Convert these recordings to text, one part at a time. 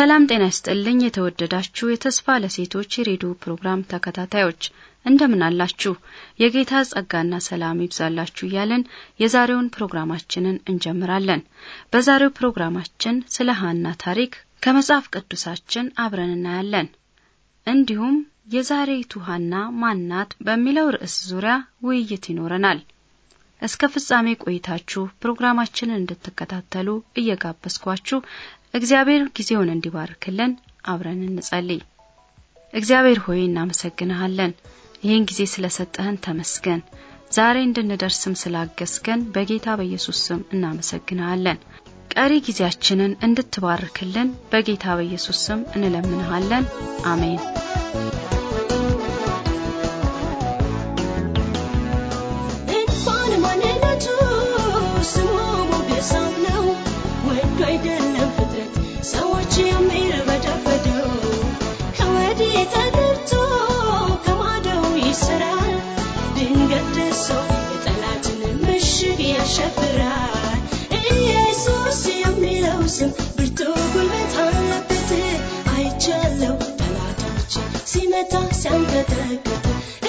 ሰላም ጤና ይስጥልኝ። የተወደዳችሁ የተስፋ ለሴቶች የሬዲዮ ፕሮግራም ተከታታዮች እንደምን አላችሁ? የጌታ ጸጋና ሰላም ይብዛላችሁ እያለን የዛሬውን ፕሮግራማችንን እንጀምራለን። በዛሬው ፕሮግራማችን ስለ ሀና ታሪክ ከመጽሐፍ ቅዱሳችን አብረን እናያለን። እንዲሁም የዛሬይቱ ሀና ማናት በሚለው ርዕስ ዙሪያ ውይይት ይኖረናል። እስከ ፍጻሜ ቆይታችሁ ፕሮግራማችንን እንድትከታተሉ እየጋበዝኳችሁ እግዚአብሔር ጊዜውን እንዲባርክልን አብረን እንጸልይ። እግዚአብሔር ሆይ እናመሰግንሃለን። ይህን ጊዜ ስለሰጠህን ተመስገን። ዛሬ እንድንደርስም ስላገስገን በጌታ በኢየሱስ ስም እናመሰግንሃለን። ቀሪ ጊዜያችንን እንድትባርክልን በጌታ በኢየሱስ ስም እንለምንሃለን። አሜን። ተጠቀቀ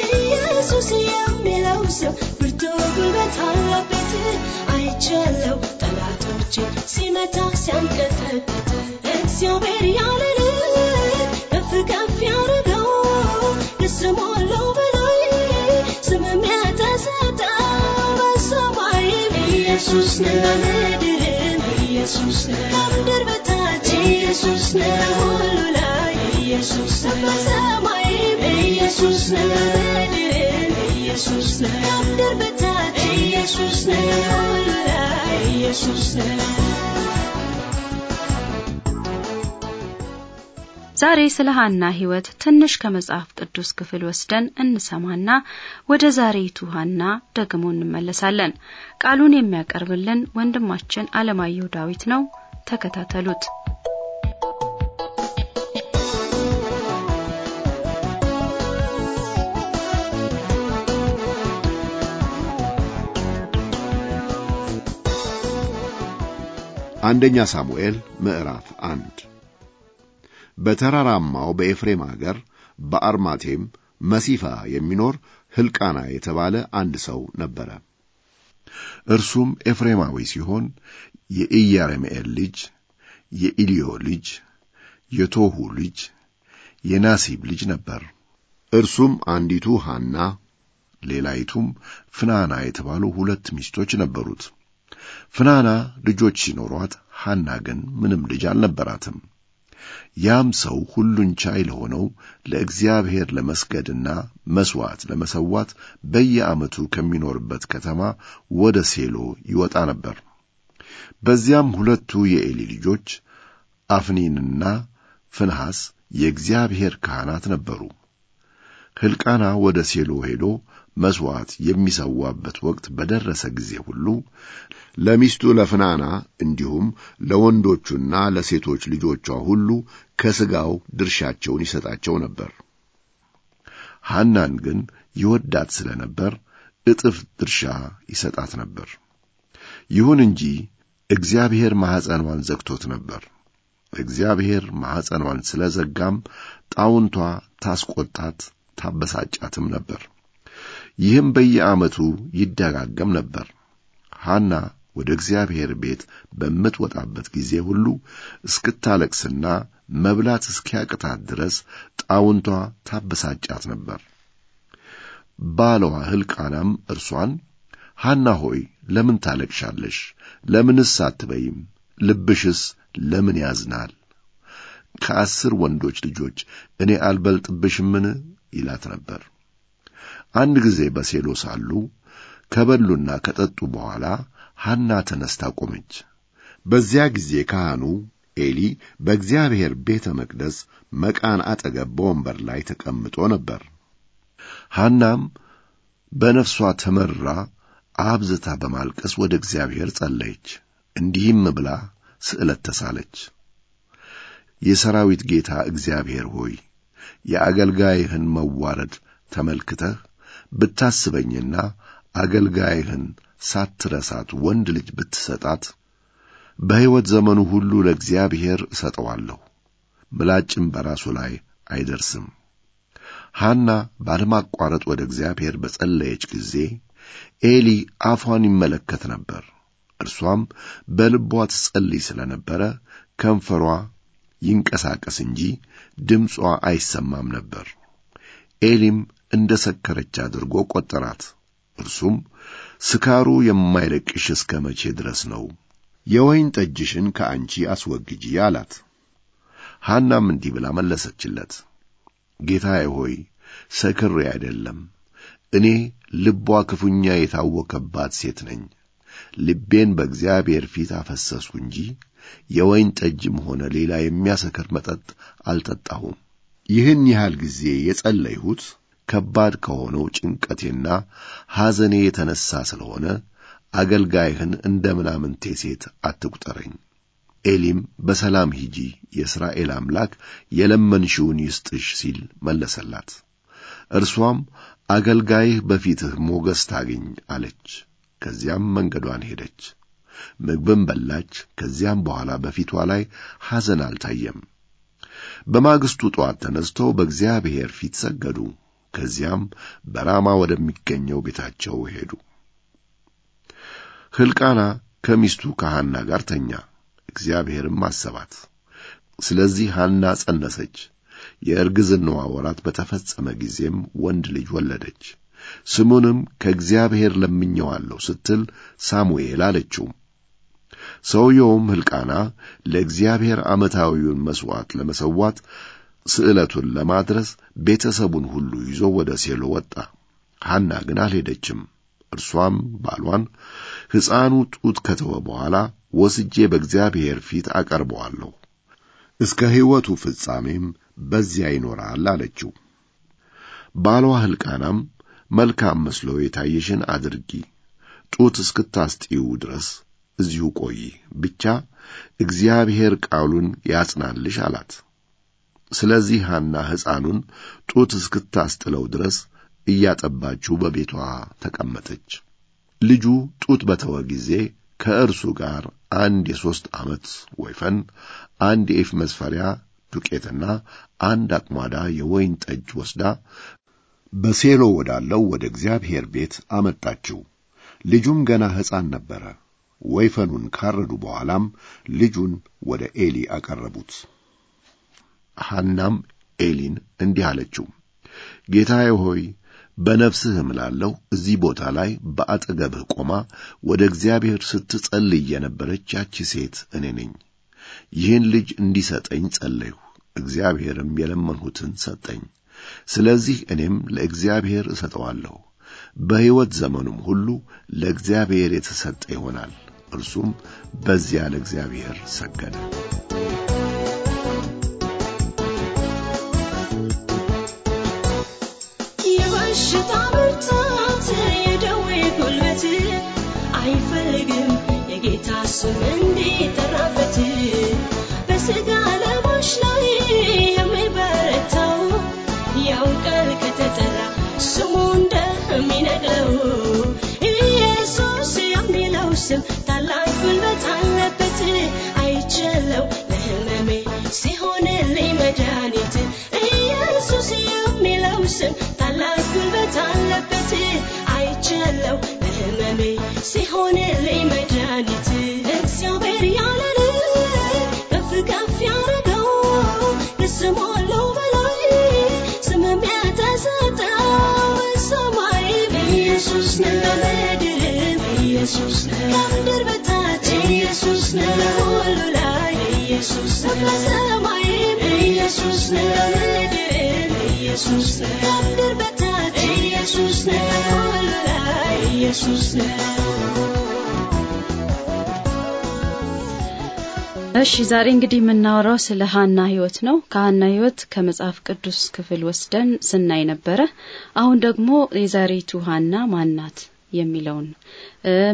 ኢየሱስ የሚለው ስም ብርቱ ጉልበት አለበት አይቻለው ጠላቶቼ ሲመታ ሲያንቀጠቀጠ እግዚአብሔር ያለን ከፍ ከፍ ያደረገው ከስሞላው በላይ ስምም የተሰጠ በሰማይ ኢየሱስ ነህ በምድርም ኢየሱስ ነህ ከምድር በታች ኢየሱስ ነህ ሁሉ ላይ ኢየሱስ ነህ በሰማይ ዛሬ ስለ ሐና ሕይወት ትንሽ ከመጽሐፍ ቅዱስ ክፍል ወስደን እንሰማና ወደ ዛሬቱ ሐና ደግሞ እንመለሳለን። ቃሉን የሚያቀርብልን ወንድማችን አለማየሁ ዳዊት ነው። ተከታተሉት። አንደኛ ሳሙኤል ምዕራፍ አንድ በተራራማው በኤፍሬም አገር በአርማቴም መሲፋ የሚኖር ሕልቃና የተባለ አንድ ሰው ነበረ። እርሱም ኤፍሬማዊ ሲሆን የኢያረምኤል ልጅ የኢልዮ ልጅ የቶሁ ልጅ የናሲብ ልጅ ነበር። እርሱም አንዲቱ ሐና ሌላይቱም ፍናና የተባሉ ሁለት ሚስቶች ነበሩት። ፍናና ልጆች ሲኖሯት ሐና ግን ምንም ልጅ አልነበራትም። ያም ሰው ሁሉን ቻይ ለሆነው ለእግዚአብሔር ለመስገድና መሥዋዕት ለመሰዋት በየዓመቱ ከሚኖርበት ከተማ ወደ ሴሎ ይወጣ ነበር። በዚያም ሁለቱ የኤሊ ልጆች አፍኒንና ፍንሐስ የእግዚአብሔር ካህናት ነበሩ። ሕልቃና ወደ ሴሎ ሄዶ መሥዋዕት የሚሰዋበት ወቅት በደረሰ ጊዜ ሁሉ ለሚስቱ ለፍናና እንዲሁም ለወንዶቹና ለሴቶች ልጆቿ ሁሉ ከሥጋው ድርሻቸውን ይሰጣቸው ነበር። ሐናን ግን ይወዳት ስለ ነበር እጥፍ ድርሻ ይሰጣት ነበር። ይሁን እንጂ እግዚአብሔር ማኅፀኗን ዘግቶት ነበር። እግዚአብሔር ማኅፀኗን ስለ ዘጋም ጣውንቷ ታስቆጣት ታበሳጫትም ነበር። ይህም በየዓመቱ ይደጋገም ነበር። ሐና ወደ እግዚአብሔር ቤት በምትወጣበት ጊዜ ሁሉ እስክታለቅስና መብላት እስኪያቅታት ድረስ ጣውንቷ ታበሳጫት ነበር። ባለዋ ሕልቃናም እርሷን ሐና ሆይ ለምን ታለቅሻለሽ? ለምንስ አትበይም? ልብሽስ ለምን ያዝናል? ከአስር ወንዶች ልጆች እኔ አልበልጥብሽምን? ይላት ነበር። አንድ ጊዜ በሴሎ ሳሉ ከበሉና ከጠጡ በኋላ ሐና ተነስታ ቆመች። በዚያ ጊዜ ካህኑ ኤሊ በእግዚአብሔር ቤተ መቅደስ መቃን አጠገብ በወንበር ላይ ተቀምጦ ነበር። ሐናም በነፍሷ ተመራ አብዝታ በማልቀስ ወደ እግዚአብሔር ጸለየች። እንዲህም ብላ ስዕለት ተሳለች። የሰራዊት ጌታ እግዚአብሔር ሆይ የአገልጋይህን መዋረድ ተመልክተህ ብታስበኝና አገልጋይህን ሳትረሳት ወንድ ልጅ ብትሰጣት በሕይወት ዘመኑ ሁሉ ለእግዚአብሔር እሰጠዋለሁ፣ ምላጭም በራሱ ላይ አይደርስም። ሐና ባለማቋረጥ ወደ እግዚአብሔር በጸለየች ጊዜ ኤሊ አፏን ይመለከት ነበር። እርሷም በልቧ ትጸልይ ስለ ነበረ ከንፈሯ ይንቀሳቀስ እንጂ ድምጿ አይሰማም ነበር። ኤሊም እንደ ሰከረች አድርጎ ቆጠራት። እርሱም ስካሩ የማይለቅሽ እስከ መቼ ድረስ ነው? የወይን ጠጅሽን ከአንቺ አስወግጂ አላት። ሐናም እንዲህ ብላ መለሰችለት፣ ጌታዬ ሆይ ሰክሬ አይደለም፣ እኔ ልቧ ክፉኛ የታወከባት ሴት ነኝ። ልቤን በእግዚአብሔር ፊት አፈሰስሁ እንጂ የወይን ጠጅም ሆነ ሌላ የሚያሰክር መጠጥ አልጠጣሁም። ይህን ያህል ጊዜ የጸለይሁት ከባድ ከሆነው ጭንቀቴና ሐዘኔ የተነሳ ስለሆነ አገልጋይህን እንደ ምናምንቴ ሴት አትቁጠረኝ። ኤሊም በሰላም ሂጂ፣ የእስራኤል አምላክ የለመንሽውን ይስጥሽ ሲል መለሰላት። እርሷም አገልጋይህ በፊትህ ሞገስ ታገኝ አለች። ከዚያም መንገዷን ሄደች። ምግብም በላች። ከዚያም በኋላ በፊቷ ላይ ሐዘን አልታየም። በማግስቱ ጠዋት ተነስተው በእግዚአብሔር ፊት ሰገዱ። ከዚያም በራማ ወደሚገኘው ቤታቸው ሄዱ። ሕልቃና ከሚስቱ ከሐና ጋር ተኛ፣ እግዚአብሔርም አሰባት። ስለዚህ ሐና ጸነሰች፣ የእርግዝናዋ ወራት በተፈጸመ ጊዜም ወንድ ልጅ ወለደች። ስሙንም ከእግዚአብሔር ለምኘዋለሁ ስትል ሳሙኤል አለችው። ሰውየውም ሕልቃና ለእግዚአብሔር ዓመታዊውን መሥዋዕት ለመሠዋት ስዕለቱን ለማድረስ ቤተሰቡን ሁሉ ይዞ ወደ ሴሎ ወጣ። ሐና ግን አልሄደችም። እርሷም ባሏን ሕፃኑ ጡት ከተወ በኋላ ወስጄ በእግዚአብሔር ፊት አቀርበዋለሁ፣ እስከ ሕይወቱ ፍጻሜም በዚያ ይኖራል አለችው። ባሏ ሕልቃናም መልካም መስሎ የታየሽን አድርጊ፣ ጡት እስክታስጢው ድረስ እዚሁ ቆይ፣ ብቻ እግዚአብሔር ቃሉን ያጽናልሽ አላት። ስለዚህ ሐና ሕፃኑን ጡት እስክታስጥለው ድረስ እያጠባችው በቤቷ ተቀመጠች። ልጁ ጡት በተወ ጊዜ ከእርሱ ጋር አንድ የሦስት ዓመት ወይፈን፣ አንድ የኢፍ መስፈሪያ ዱቄትና አንድ አቅሟዳ የወይን ጠጅ ወስዳ በሴሎ ወዳለው ወደ እግዚአብሔር ቤት አመጣችው። ልጁም ገና ሕፃን ነበረ። ወይፈኑን ካረዱ በኋላም ልጁን ወደ ኤሊ አቀረቡት። ሐናም ኤሊን እንዲህ አለችው፣ ጌታዬ ሆይ በነፍስህ እምላለሁ እዚህ ቦታ ላይ በአጠገብህ ቆማ ወደ እግዚአብሔር ስትጸልይ የነበረች ያቺ ሴት እኔ ነኝ። ይህን ልጅ እንዲሰጠኝ ጸለይሁ፣ እግዚአብሔርም የለመንሁትን ሰጠኝ። ስለዚህ እኔም ለእግዚአብሔር እሰጠዋለሁ፣ በሕይወት ዘመኑም ሁሉ ለእግዚአብሔር የተሰጠ ይሆናል። እርሱም በዚያ ለእግዚአብሔር ሰገደ። Sürün እሺ ዛሬ እንግዲህ የምናወራው ስለ ሀና ህይወት ነው ከሀና ህይወት ከመጽሐፍ ቅዱስ ክፍል ወስደን ስናይ ነበረ አሁን ደግሞ የዛሬቱ ሀና ማናት የሚለውን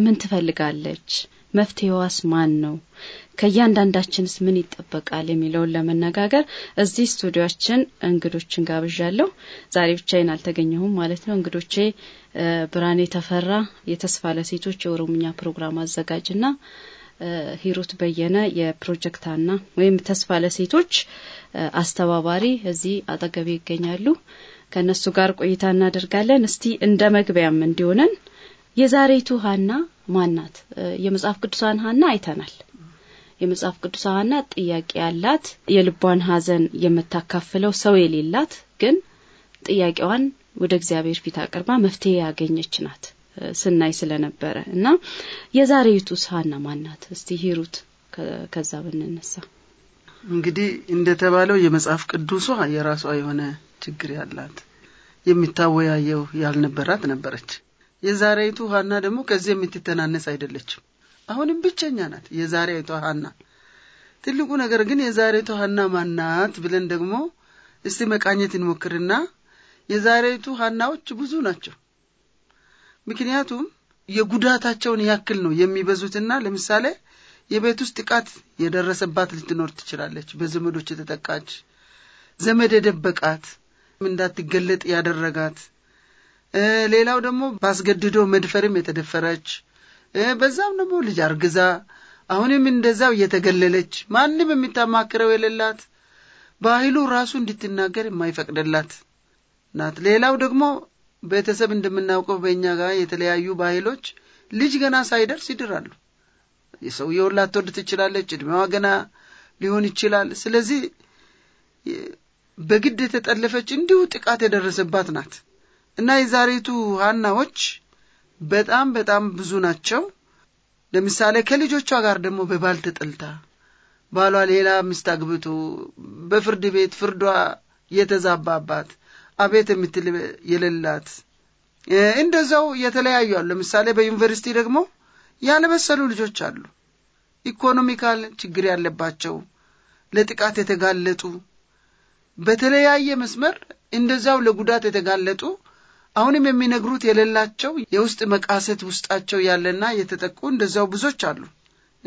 ምን ትፈልጋለች፣ መፍትሄዋስ ማን ነው፣ ከእያንዳንዳችንስ ምን ይጠበቃል የሚለውን ለመነጋገር እዚህ ስቱዲዮችን እንግዶችን ጋብዣለሁ። ዛሬ ብቻዬን አልተገኘሁም ማለት ነው። እንግዶቼ ብርሃኔ ተፈራ የተስፋ ለሴቶች የኦሮምኛ ፕሮግራም አዘጋጅና ሂሩት በየነ የፕሮጀክታና ወይም ተስፋ ለሴቶች አስተባባሪ እዚህ አጠገቤ ይገኛሉ። ከእነሱ ጋር ቆይታ እናደርጋለን። እስቲ እንደ መግቢያም እንዲሆነን የዛሬቱ ሀና ማናት? የመጽሐፍ ቅዱሳን ሀና አይተናል። የመጽሐፍ ቅዱስ ሀና ጥያቄ ያላት የልቧን ሐዘን የምታካፍለው ሰው የሌላት ግን ጥያቄዋን ወደ እግዚአብሔር ፊት አቅርባ መፍትሄ ያገኘች ናት ስናይ ስለነበረ እና የዛሬቱስ ሀና ማናት? እስቲ ሂሩት ከዛ ብንነሳ እንግዲህ እንደተባለው የመጽሐፍ ቅዱሷ የራሷ የሆነ ችግር ያላት የሚታወያየው ያልነበራት ነበረች። የዛሬይቱ ሀና ደግሞ ከዚህ የምትተናነስ አይደለችም። አሁንም ብቸኛ ናት የዛሬይቱ ሀና። ትልቁ ነገር ግን የዛሬይቱ ሀና ማናት ብለን ደግሞ እስቲ መቃኘት እንሞክርና የዛሬይቱ ሀናዎች ብዙ ናቸው። ምክንያቱም የጉዳታቸውን ያክል ነው የሚበዙትና ለምሳሌ የቤት ውስጥ ጥቃት የደረሰባት ልትኖር ትችላለች። በዘመዶች የተጠቃች ዘመድ የደበቃት እንዳትገለጥ ያደረጋት ሌላው ደግሞ ባስገድዶ መድፈርም የተደፈረች በዛም ደግሞ ልጅ አርግዛ አሁንም እንደዛው እየተገለለች ማንም የሚታማክረው የሌላት ባህሉ ራሱ እንድትናገር የማይፈቅድላት ናት። ሌላው ደግሞ ቤተሰብ እንደምናውቀው በእኛ ጋር የተለያዩ ባህሎች ልጅ ገና ሳይደርስ ይድራሉ። የሰውየውን ላትወድ ትችላለች። እድሜዋ ገና ሊሆን ይችላል። ስለዚህ በግድ የተጠለፈች እንዲሁ ጥቃት የደረሰባት ናት። እና የዛሬቱ ሀናዎች በጣም በጣም ብዙ ናቸው። ለምሳሌ ከልጆቿ ጋር ደግሞ በባል ተጠልታ ባሏ ሌላ ሚስት አግብቶ በፍርድ ቤት ፍርዷ የተዛባባት አቤት የምትል የሌላት እንደዛው የተለያዩ አሉ። ለምሳሌ በዩኒቨርሲቲ ደግሞ ያልበሰሉ ልጆች አሉ። ኢኮኖሚካል ችግር ያለባቸው ለጥቃት የተጋለጡ በተለያየ መስመር እንደዛው ለጉዳት የተጋለጡ አሁንም የሚነግሩት የሌላቸው የውስጥ መቃሰት ውስጣቸው ያለና የተጠቁ እንደዚያው ብዙዎች አሉ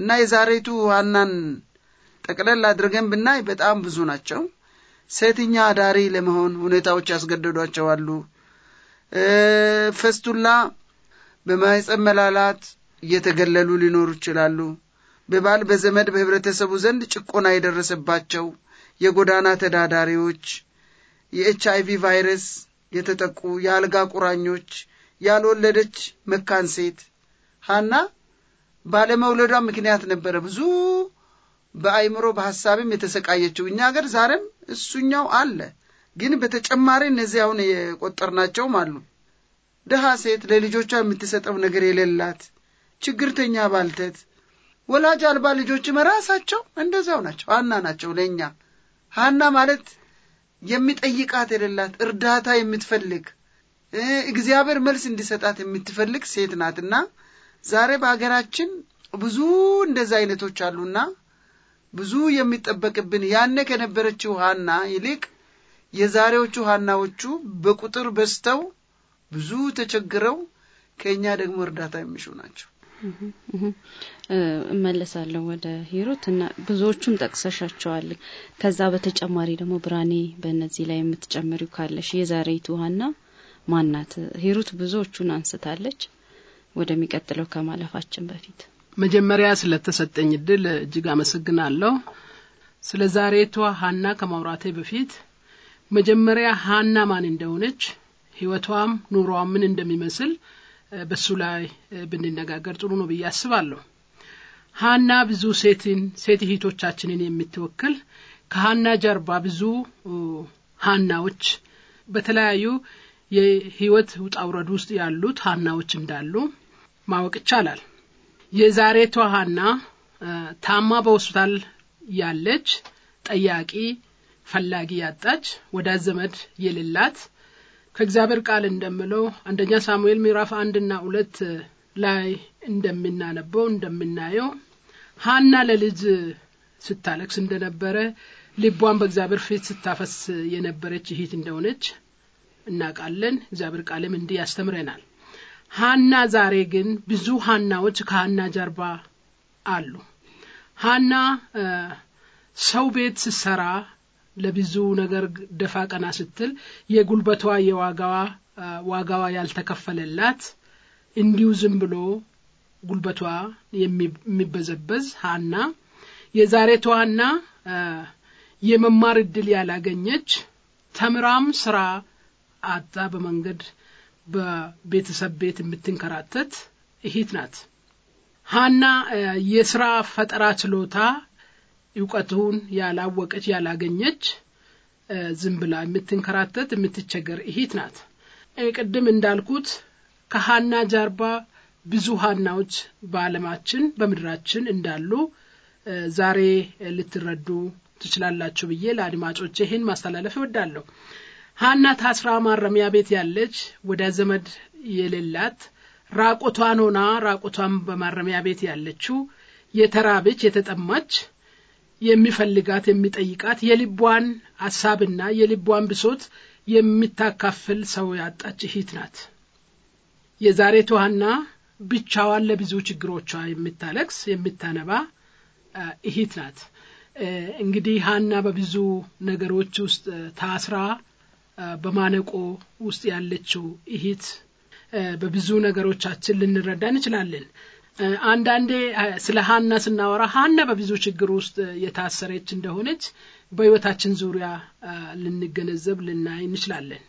እና የዛሬቱ ዋናን ጠቅለል አድርገን ብናይ በጣም ብዙ ናቸው። ሴትኛ አዳሪ ለመሆን ሁኔታዎች ያስገደዷቸዋሉ። ፈስቱላ በማህፀን መላላት እየተገለሉ ሊኖሩ ይችላሉ። በባል በዘመድ በህብረተሰቡ ዘንድ ጭቆና የደረሰባቸው የጎዳና ተዳዳሪዎች፣ የኤች አይቪ ቫይረስ የተጠቁ የአልጋ ቁራኞች፣ ያልወለደች መካን ሴት ሐና ባለመውለዷ ምክንያት ነበረ ብዙ በአይምሮ በሐሳብም የተሰቃየችው። እኛ አገር ዛሬም እሱኛው አለ። ግን በተጨማሪ እነዚህ አሁን የቆጠርናቸውም አሉ። ድሃ ሴት ለልጆቿ የምትሰጠው ነገር የሌላት ችግርተኛ ባልተት፣ ወላጅ አልባ ልጆችም ራሳቸው እንደዚያው ናቸው። ሐና ናቸው ለእኛ ሐና ማለት የሚጠይቃት የሌላት እርዳታ የምትፈልግ እግዚአብሔር መልስ እንዲሰጣት የምትፈልግ ሴት ናትና ዛሬ በሀገራችን ብዙ እንደዚ አይነቶች አሉና ብዙ የሚጠበቅብን ያነ ከነበረችው ሀና ይልቅ የዛሬዎቹ ሀናዎቹ በቁጥር በዝተው ብዙ ተቸግረው ከእኛ ደግሞ እርዳታ የሚሹ ናቸው። እመለሳለሁ ወደ ሂሩት እና ብዙዎቹን ጠቅሰሻቸዋል። ከዛ በተጨማሪ ደግሞ ብራኔ በእነዚህ ላይ የምትጨምሪው ካለሽ የዛሬቱ ሀና ማናት? ሂሩት ብዙዎቹን አንስታለች። ወደሚቀጥለው ከማለፋችን በፊት መጀመሪያ ስለተሰጠኝ እድል እጅግ አመሰግናለሁ። ስለ ዛሬቷ ሀና ከማውራቴ በፊት መጀመሪያ ሀና ማን እንደሆነች ህይወቷም ኑሯም ምን እንደሚመስል በሱ ላይ ብንነጋገር ጥሩ ነው ብዬ አስባለሁ ሀና ብዙ ሴትን ሴት እህቶቻችንን የምትወክል ከሀና ጀርባ ብዙ ሀናዎች በተለያዩ የህይወት ውጣውረድ ውስጥ ያሉት ሀናዎች እንዳሉ ማወቅ ይቻላል የዛሬቷ ሀና ታማ በሆስፒታል ያለች ጠያቂ ፈላጊ ያጣች ወዳዘመድ ዘመድ የሌላት ከእግዚአብሔር ቃል እንደምለው አንደኛ ሳሙኤል ምዕራፍ አንድና ሁለት ላይ እንደምናነበው እንደምናየው ሀና ለልጅ ስታለቅስ እንደነበረ ልቧን በእግዚአብሔር ፊት ስታፈስ የነበረች ይሂት እንደሆነች እናውቃለን። እግዚአብሔር ቃልም እንዲህ ያስተምረናል። ሀና ዛሬ ግን ብዙ ሀናዎች ከሀና ጀርባ አሉ። ሀና ሰው ቤት ስሰራ ለብዙ ነገር ደፋ ቀና ስትል የጉልበቷ የዋጋዋ ዋጋዋ ያልተከፈለላት እንዲሁ ዝም ብሎ ጉልበቷ የሚበዘበዝ ሀና የዛሬቷ ሀና የመማር እድል ያላገኘች ተምራም ስራ አጣ በመንገድ በቤተሰብ ቤት የምትንከራተት እሂት ናት። ሀና የስራ ፈጠራ ችሎታ እውቀቱን ያላወቀች ያላገኘች ዝም ብላ የምትንከራተት የምትቸገር እሂት ናት። ቅድም እንዳልኩት ከሀና ጀርባ ብዙ ሀናዎች በዓለማችን በምድራችን እንዳሉ ዛሬ ልትረዱ ትችላላችሁ ብዬ ለአድማጮች ይህን ማስተላለፍ እወዳለሁ። ሀና ታስራ ማረሚያ ቤት ያለች ወደ ዘመድ የሌላት ራቆቷን ሆና ራቆቷን በማረሚያ ቤት ያለችው የተራበች የተጠማች የሚፈልጋት የሚጠይቃት የልቧን ሀሳብና የልቧን ብሶት የምታካፍል ሰው ያጣች እህት ናት። የዛሬ ሐና ብቻዋን ለብዙ ችግሮቿ የምታለቅስ የምታነባ እህት ናት። እንግዲህ ሀና በብዙ ነገሮች ውስጥ ታስራ በማነቆ ውስጥ ያለችው እህት በብዙ ነገሮቻችን ልንረዳ እንችላለን። አንዳንዴ ስለ ሀና ስናወራ ሀና በብዙ ችግር ውስጥ የታሰረች እንደሆነች በህይወታችን ዙሪያ ልንገነዘብ ልናይ እንችላለን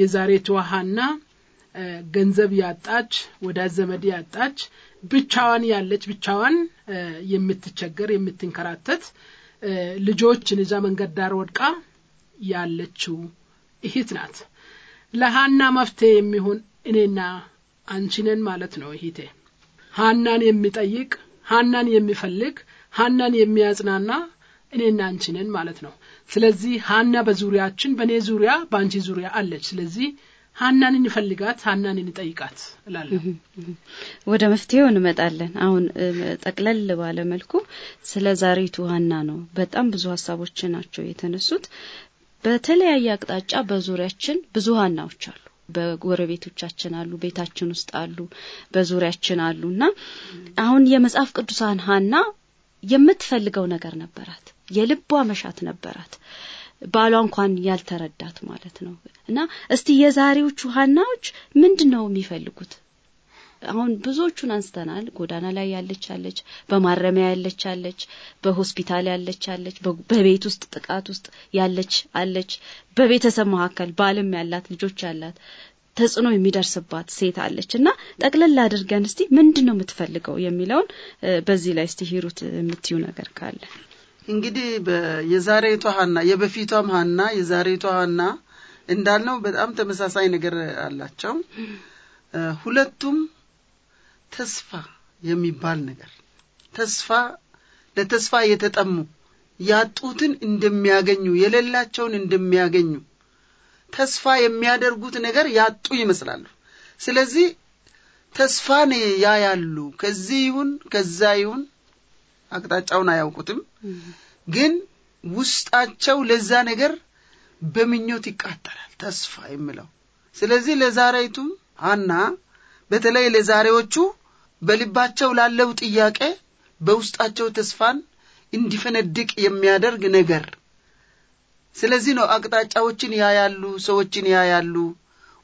የዛሬቷ ሀና ገንዘብ ያጣች ወዳጅ ዘመድ ያጣች ብቻዋን ያለች ብቻዋን የምትቸገር የምትንከራተት ልጆችን እዛ መንገድ ዳር ወድቃ ያለችው እህት ናት ለሀና መፍትሄ የሚሆን እኔና አንቺነን ማለት ነው እህቴ ሀናን የሚጠይቅ ሀናን የሚፈልግ ሀናን የሚያጽናና እኔና አንቺ ነን ማለት ነው። ስለዚህ ሀና በዙሪያችን በእኔ ዙሪያ በአንቺ ዙሪያ አለች። ስለዚህ ሀናን እንፈልጋት፣ ሀናን እንጠይቃት እላለሁ። ወደ መፍትሄው እንመጣለን። አሁን ጠቅለል ባለ መልኩ ስለ ዛሬቱ ሀና ነው። በጣም ብዙ ሀሳቦች ናቸው የተነሱት። በተለያየ አቅጣጫ በዙሪያችን ብዙ ሀናዎች አሉ። በጎረቤቶቻችን አሉ፣ ቤታችን ውስጥ አሉ፣ በዙሪያችን አሉ እና አሁን የመጽሐፍ ቅዱሳን ሀና የምትፈልገው ነገር ነበራት፣ የልቧ መሻት ነበራት። ባሏ እንኳን ያልተረዳት ማለት ነው። እና እስቲ የዛሬዎቹ ሀናዎች ምንድን ነው የሚፈልጉት? አሁን ብዙዎቹን አንስተናል። ጎዳና ላይ ያለች አለች፣ በማረሚያ ያለች አለች፣ በሆስፒታል ያለች አለች፣ በቤት ውስጥ ጥቃት ውስጥ ያለች አለች፣ በቤተሰብ መካከል ባልም ያላት ልጆች ያላት ተጽዕኖ የሚደርስባት ሴት አለች እና ጠቅለል አድርገን እስቲ ምንድን ነው የምትፈልገው የሚለውን በዚህ ላይ እስቲ ሂሩት የምትዩ ነገር ካለ እንግዲህ የዛሬቷ ሀና የበፊቷም ሀና የዛሬቷ ሀና እንዳልነው በጣም ተመሳሳይ ነገር አላቸው ሁለቱም ተስፋ የሚባል ነገር ተስፋ ለተስፋ የተጠሙ ያጡትን እንደሚያገኙ የሌላቸውን እንደሚያገኙ ተስፋ የሚያደርጉት ነገር ያጡ ይመስላሉ። ስለዚህ ተስፋን ያያሉ። ከዚህ ይሁን ከዛ ይሁን አቅጣጫውን አያውቁትም። ግን ውስጣቸው ለዛ ነገር በምኞት ይቃጠላል፣ ተስፋ የሚለው ስለዚህ ለዛሬቱም አና በተለይ ለዛሬዎቹ በልባቸው ላለው ጥያቄ በውስጣቸው ተስፋን እንዲፈነድቅ የሚያደርግ ነገር። ስለዚህ ነው አቅጣጫዎችን ያያሉ፣ ሰዎችን ያያሉ፣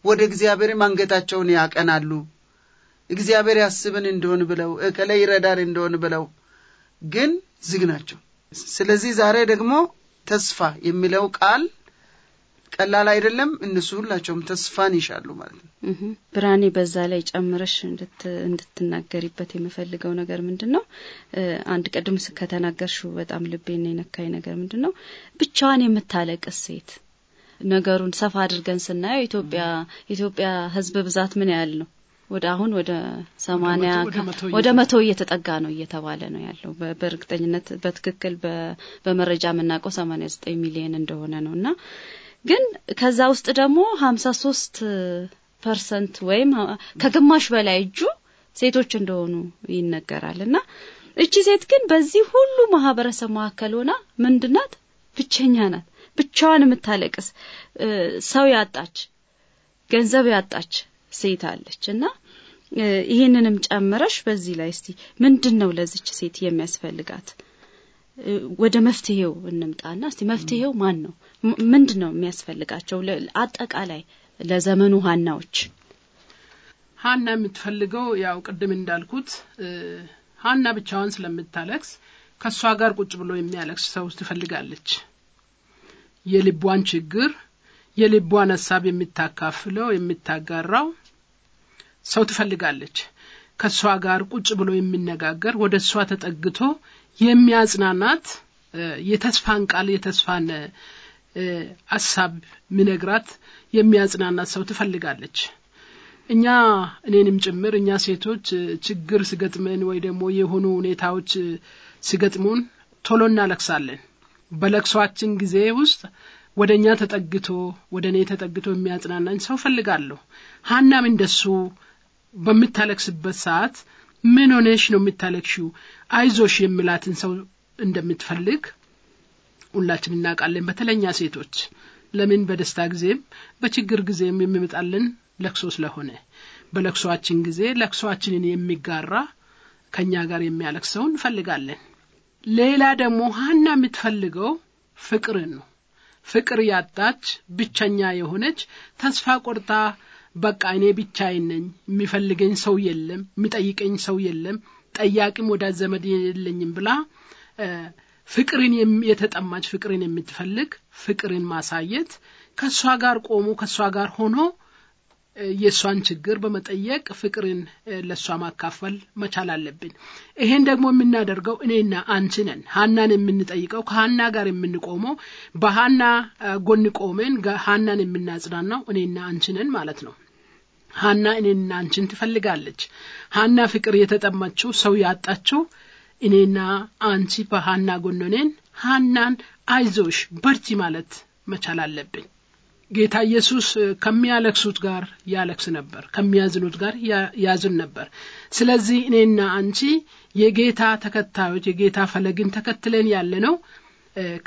ወደ እግዚአብሔር አንገታቸውን ያቀናሉ። እግዚአብሔር ያስብን እንደሆን ብለው እከለ ይረዳን እንደሆን ብለው ግን ዝግ ናቸው። ስለዚህ ዛሬ ደግሞ ተስፋ የሚለው ቃል ቀላል አይደለም። እነሱ ሁላቸውም ተስፋን ይሻሉ ማለት ነው። ብርሃኔ፣ በዛ ላይ ጨምረሽ እንድትናገሪበት የምፈልገው ነገር ምንድን ነው? አንድ ቅድም ከተናገርሽው በጣም ልቤን የነካኝ ነገር ምንድን ነው? ብቻዋን የምታለቅስ ሴት ነገሩን ሰፋ አድርገን ስናየው ኢትዮጵያ የኢትዮጵያ ሕዝብ ብዛት ምን ያህል ነው? ወደ አሁን ወደ ሰማንያ ወደ መቶ እየተጠጋ ነው እየተባለ ነው ያለው። በእርግጠኝነት በትክክል በመረጃ የምናውቀው ሰማንያ ዘጠኝ ሚሊየን እንደሆነ ነው እና ግን ከዛ ውስጥ ደግሞ ሀምሳ ሶስት ፐርሰንት ወይም ከግማሽ በላይ እጁ ሴቶች እንደሆኑ ይነገራል እና እቺ ሴት ግን በዚህ ሁሉ ማህበረሰብ መካከል ሆና ምንድናት? ብቸኛ ናት። ብቻዋን የምታለቅስ ሰው ያጣች ገንዘብ ያጣች ሴት አለች እና ይህንንም ጨምረሽ በዚህ ላይ እስቲ ምንድን ነው ለዚች ሴት የሚያስፈልጋት ወደ መፍትሄው እንምጣና እስቲ መፍትሄው ማን ነው? ምንድን ነው የሚያስፈልጋቸው? አጠቃላይ ለዘመኑ ሀናዎች ሀና የምትፈልገው ያው ቅድም እንዳልኩት ሀና ብቻዋን ስለምታለቅስ ከእሷ ጋር ቁጭ ብሎ የሚያለቅስ ሰው ትፈልጋለች። የልቧን ችግር የልቧን ሀሳብ የሚታካፍለው የሚታጋራው ሰው ትፈልጋለች። ከእሷ ጋር ቁጭ ብሎ የሚነጋገር ወደ እሷ ተጠግቶ የሚያጽናናት የተስፋን ቃል የተስፋን አሳብ ምነግራት የሚያጽናናት ሰው ትፈልጋለች እኛ እኔንም ጭምር እኛ ሴቶች ችግር ስገጥመን ወይ ደግሞ የሆኑ ሁኔታዎች ስገጥሙን ቶሎ እናለቅሳለን በለቅሷችን ጊዜ ውስጥ ወደ እኛ ተጠግቶ ወደ እኔ ተጠግቶ የሚያጽናናኝ ሰው ፈልጋለሁ ሀናም እንደሱ በምታለቅስበት ሰዓት ምን ሆነሽ ነው የምታለቅሽው አይዞሽ የምላትን ሰው እንደምትፈልግ ሁላችን እናውቃለን በተለኛ ሴቶች ለምን በደስታ ጊዜም በችግር ጊዜም የሚመጣልን ለክሶ ስለሆነ በለክሶችን ጊዜ ለክሶችንን የሚጋራ ከእኛ ጋር ሰው እንፈልጋለን ሌላ ደግሞ ሀና የምትፈልገው ፍቅርን ነው ፍቅር ያጣች ብቸኛ የሆነች ተስፋ ቆርጣ በቃ እኔ ብቻዬን ነኝ፣ የሚፈልገኝ ሰው የለም፣ የሚጠይቀኝ ሰው የለም፣ ጠያቂም ወዳጅ ዘመድ የለኝም ብላ ፍቅርን የተጠማች ፍቅርን የምትፈልግ ፍቅርን ማሳየት ከእሷ ጋር ቆሞ ከእሷ ጋር ሆኖ የእሷን ችግር በመጠየቅ ፍቅርን ለእሷ ማካፈል መቻል አለብን። ይሄን ደግሞ የምናደርገው እኔና አንቺ ነን። ሀናን የምንጠይቀው ከሀና ጋር የምንቆመው በሀና ጎን ቆመን ሀናን የምናጽናናው እኔና አንቺ ነን ማለት ነው። ሀና እኔና አንችን ትፈልጋለች። ሀና ፍቅር የተጠማችው ሰው ያጣችው እኔና አንቺ በሀና ጎን ሀናን አይዞሽ በርቺ ማለት መቻል አለብኝ። ጌታ ኢየሱስ ከሚያለክሱት ጋር ያለክስ ነበር፣ ከሚያዝኑት ጋር ያዝን ነበር። ስለዚህ እኔና አንቺ የጌታ ተከታዮች የጌታ ፈለግን ተከትለን ያለነው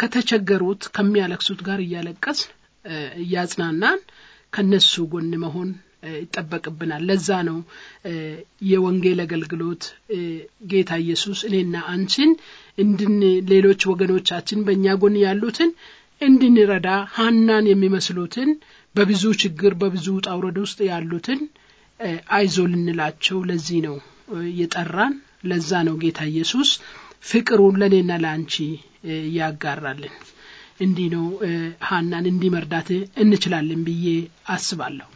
ከተቸገሩት ከሚያለክሱት ጋር እያለቀስ እያጽናናን ከነሱ ጎን መሆን ይጠበቅብናል። ለዛ ነው የወንጌል አገልግሎት ጌታ ኢየሱስ እኔና አንቺን እንድን ሌሎች ወገኖቻችን በእኛ ጎን ያሉትን እንድንረዳ ሀናን የሚመስሉትን በብዙ ችግር በብዙ ጣውረድ ውስጥ ያሉትን አይዞ ልንላቸው ለዚህ ነው የጠራን። ለዛ ነው ጌታ ኢየሱስ ፍቅሩን ለእኔና ለአንቺ ያጋራልን። እንዲህ ነው ሀናን እንዲመርዳት እንችላለን ብዬ አስባለሁ።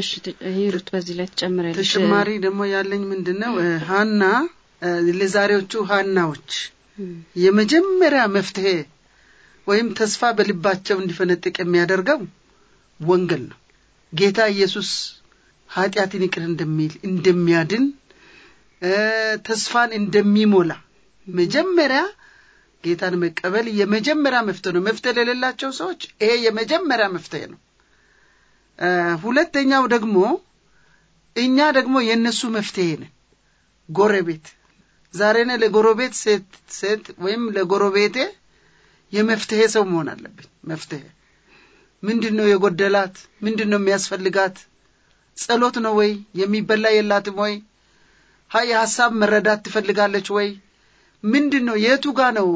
እሺ ሂሩት በዚህ ላይ ትጨምራለች። ተጨማሪ ደግሞ ያለኝ ምንድን ነው ሀና ለዛሬዎቹ ሀናዎች የመጀመሪያ መፍትሄ ወይም ተስፋ በልባቸው እንዲፈነጥቅ የሚያደርገው ወንጌል ነው። ጌታ ኢየሱስ ኃጢአትን ይቅር እንደሚል እንደሚያድን፣ ተስፋን እንደሚሞላ መጀመሪያ ጌታን መቀበል የመጀመሪያ መፍትሄ ነው። መፍትሄ ለሌላቸው ሰዎች ይሄ የመጀመሪያ መፍትሄ ነው። ሁለተኛው ደግሞ እኛ ደግሞ የእነሱ መፍትሄ ነን። ጎረቤት ዛሬ ነ ለጎረቤት ሴት ወይም ለጎረቤቴ የመፍትሄ ሰው መሆን አለብኝ። መፍትሄ ምንድን ነው? የጎደላት ምንድን ነው የሚያስፈልጋት? ጸሎት ነው ወይ? የሚበላ የላትም ወይ? የሀሳብ መረዳት ትፈልጋለች ወይ? ምንድን ነው የቱ ጋ ነው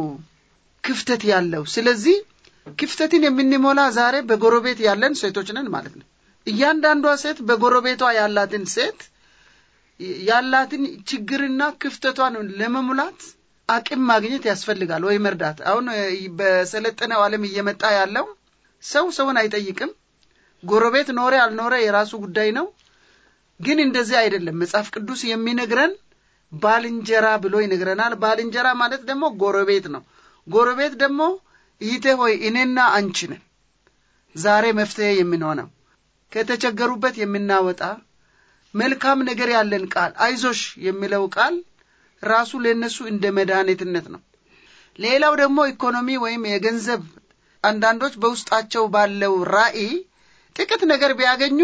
ክፍተት ያለው? ስለዚህ ክፍተትን የምንሞላ ዛሬ በጎረቤት ያለን ሴቶች ነን ማለት ነው። እያንዳንዷ ሴት በጎረቤቷ ያላትን ሴት ያላትን ችግርና ክፍተቷን ለመሙላት አቅም ማግኘት ያስፈልጋል፣ ወይ መርዳት። አሁን በሰለጠነው ዓለም እየመጣ ያለው ሰው ሰውን አይጠይቅም። ጎረቤት ኖረ አልኖረ የራሱ ጉዳይ ነው። ግን እንደዚህ አይደለም። መጽሐፍ ቅዱስ የሚነግረን ባልንጀራ ብሎ ይነግረናል። ባልንጀራ ማለት ደግሞ ጎረቤት ነው። ጎረቤት ደግሞ ይቴ ሆይ እኔና አንቺ ነን ዛሬ መፍትሄ የምንሆነው ከተቸገሩበት የምናወጣ መልካም ነገር ያለን ቃል አይዞሽ የሚለው ቃል ራሱ ለእነሱ እንደ መድኃኒትነት ነው። ሌላው ደግሞ ኢኮኖሚ ወይም የገንዘብ አንዳንዶች በውስጣቸው ባለው ራዕይ ጥቂት ነገር ቢያገኙ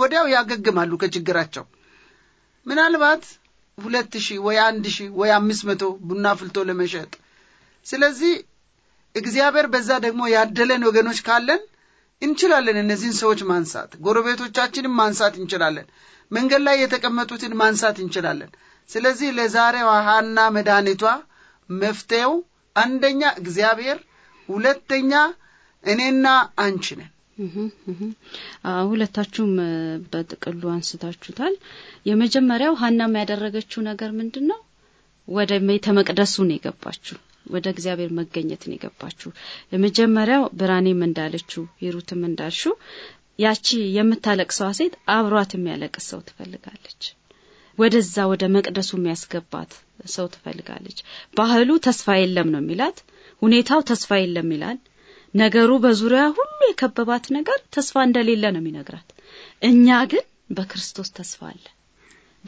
ወዲያው ያገግማሉ ከችግራቸው። ምናልባት ሁለት ሺህ ወይ አንድ ሺህ ወይ አምስት መቶ ቡና ፍልቶ ለመሸጥ ስለዚህ እግዚአብሔር በዛ ደግሞ ያደለን ወገኖች ካለን እንችላለን። እነዚህን ሰዎች ማንሳት፣ ጎረቤቶቻችንን ማንሳት እንችላለን። መንገድ ላይ የተቀመጡትን ማንሳት እንችላለን። ስለዚህ ለዛሬዋ ውሃና መድኃኒቷ መፍትሄው አንደኛ እግዚአብሔር፣ ሁለተኛ እኔና አንቺ ነን። ሁለታችሁም በጥቅሉ አንስታችሁታል። የመጀመሪያው ሀናም ያደረገችው ነገር ምንድን ነው? ወደ ቤተ መቅደሱ ነው የገባችሁ። ወደ እግዚአብሔር መገኘትን የገባችሁ። የመጀመሪያው ብራኔም እንዳለችው ሂሩትም እንዳልሽው ያቺ የምታለቅሰዋ ሴት አብሯት የሚያለቅስ ሰው ትፈልጋለች። ወደዛ ወደ መቅደሱ የሚያስገባት ሰው ትፈልጋለች። ባህሉ ተስፋ የለም ነው የሚላት። ሁኔታው ተስፋ የለም ይላል። ነገሩ በዙሪያ ሁሉ የከበባት ነገር ተስፋ እንደሌለ ነው የሚነግራት። እኛ ግን በክርስቶስ ተስፋ አለ።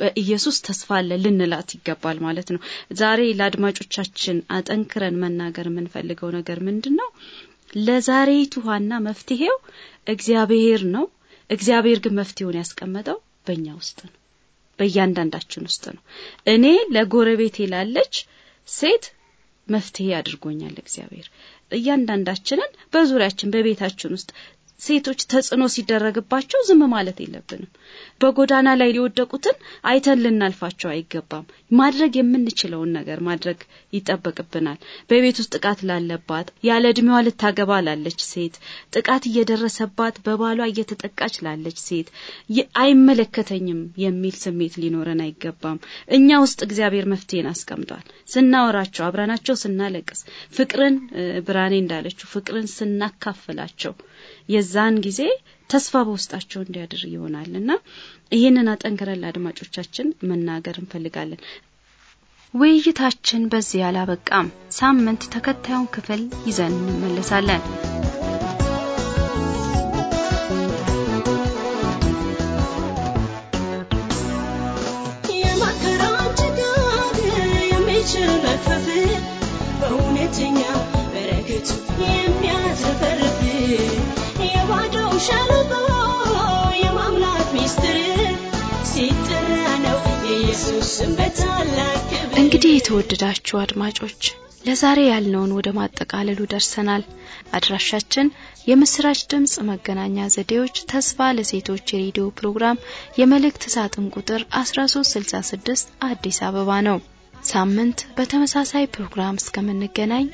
በኢየሱስ ተስፋ አለ ልንላት ይገባል ማለት ነው። ዛሬ ለአድማጮቻችን አጠንክረን መናገር የምንፈልገው ነገር ምንድን ነው? ለዛሬይቱ ሐና መፍትሄው እግዚአብሔር ነው። እግዚአብሔር ግን መፍትሄውን ያስቀመጠው በእኛ ውስጥ ነው፣ በእያንዳንዳችን ውስጥ ነው። እኔ ለጎረቤቴ ላለች ሴት መፍትሄ አድርጎኛል እግዚአብሔር። እያንዳንዳችንን በዙሪያችን በቤታችን ውስጥ ሴቶች ተጽዕኖ ሲደረግባቸው ዝም ማለት የለብንም። በጎዳና ላይ የወደቁትን አይተን ልናልፋቸው አይገባም። ማድረግ የምንችለውን ነገር ማድረግ ይጠበቅብናል። በቤት ውስጥ ጥቃት ላለባት፣ ያለ እድሜዋ ልታገባ ላለች ሴት፣ ጥቃት እየደረሰባት በባሏ እየተጠቃች ላለች ሴት አይመለከተኝም የሚል ስሜት ሊኖረን አይገባም። እኛ ውስጥ እግዚአብሔር መፍትሄን አስቀምጧል። ስናወራቸው፣ አብረናቸው ስናለቅስ፣ ፍቅርን ብርሃኔ እንዳለችው ፍቅርን ስናካፍላቸው በዛን ጊዜ ተስፋ በውስጣቸው እንዲያድር ይሆናል እና ይህንን አጠንክረን ለአድማጮቻችን መናገር እንፈልጋለን። ውይይታችን በዚህ አላበቃም። ሳምንት ተከታዩን ክፍል ይዘን እንመለሳለን። በእውነተኛ ሚስጥር ሲጠራ ነው እንግዲህ የተወደዳችሁ አድማጮች ለዛሬ ያልነውን ወደ ማጠቃለሉ ደርሰናል። አድራሻችን የምስራች ድምጽ መገናኛ ዘዴዎች ተስፋ ለሴቶች የሬዲዮ ፕሮግራም የመልእክት ሳጥን ቁጥር 1366 አዲስ አበባ ነው። ሳምንት በተመሳሳይ ፕሮግራም እስከምንገናኝ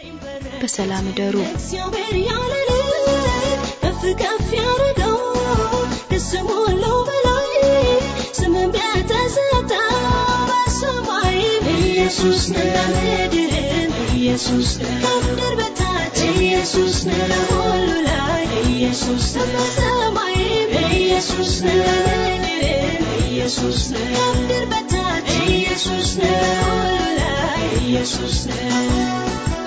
በሰላም እደሩ። ከፍ ከፍ ያደርገው ደስ ሞሎ በላይ ስምን በተዘታ በሰማይ ኢየሱስ ነዳምድርን ኢየሱስ ከምድር በታች ኢየሱስ ነሁሉ ላይ ኢየሱስ በሰማይ ኢየሱስ ነዳምድርን ኢየሱስ ከምድር በታች ኢየሱስ ነሁሉ ላይ ኢየሱስ ነው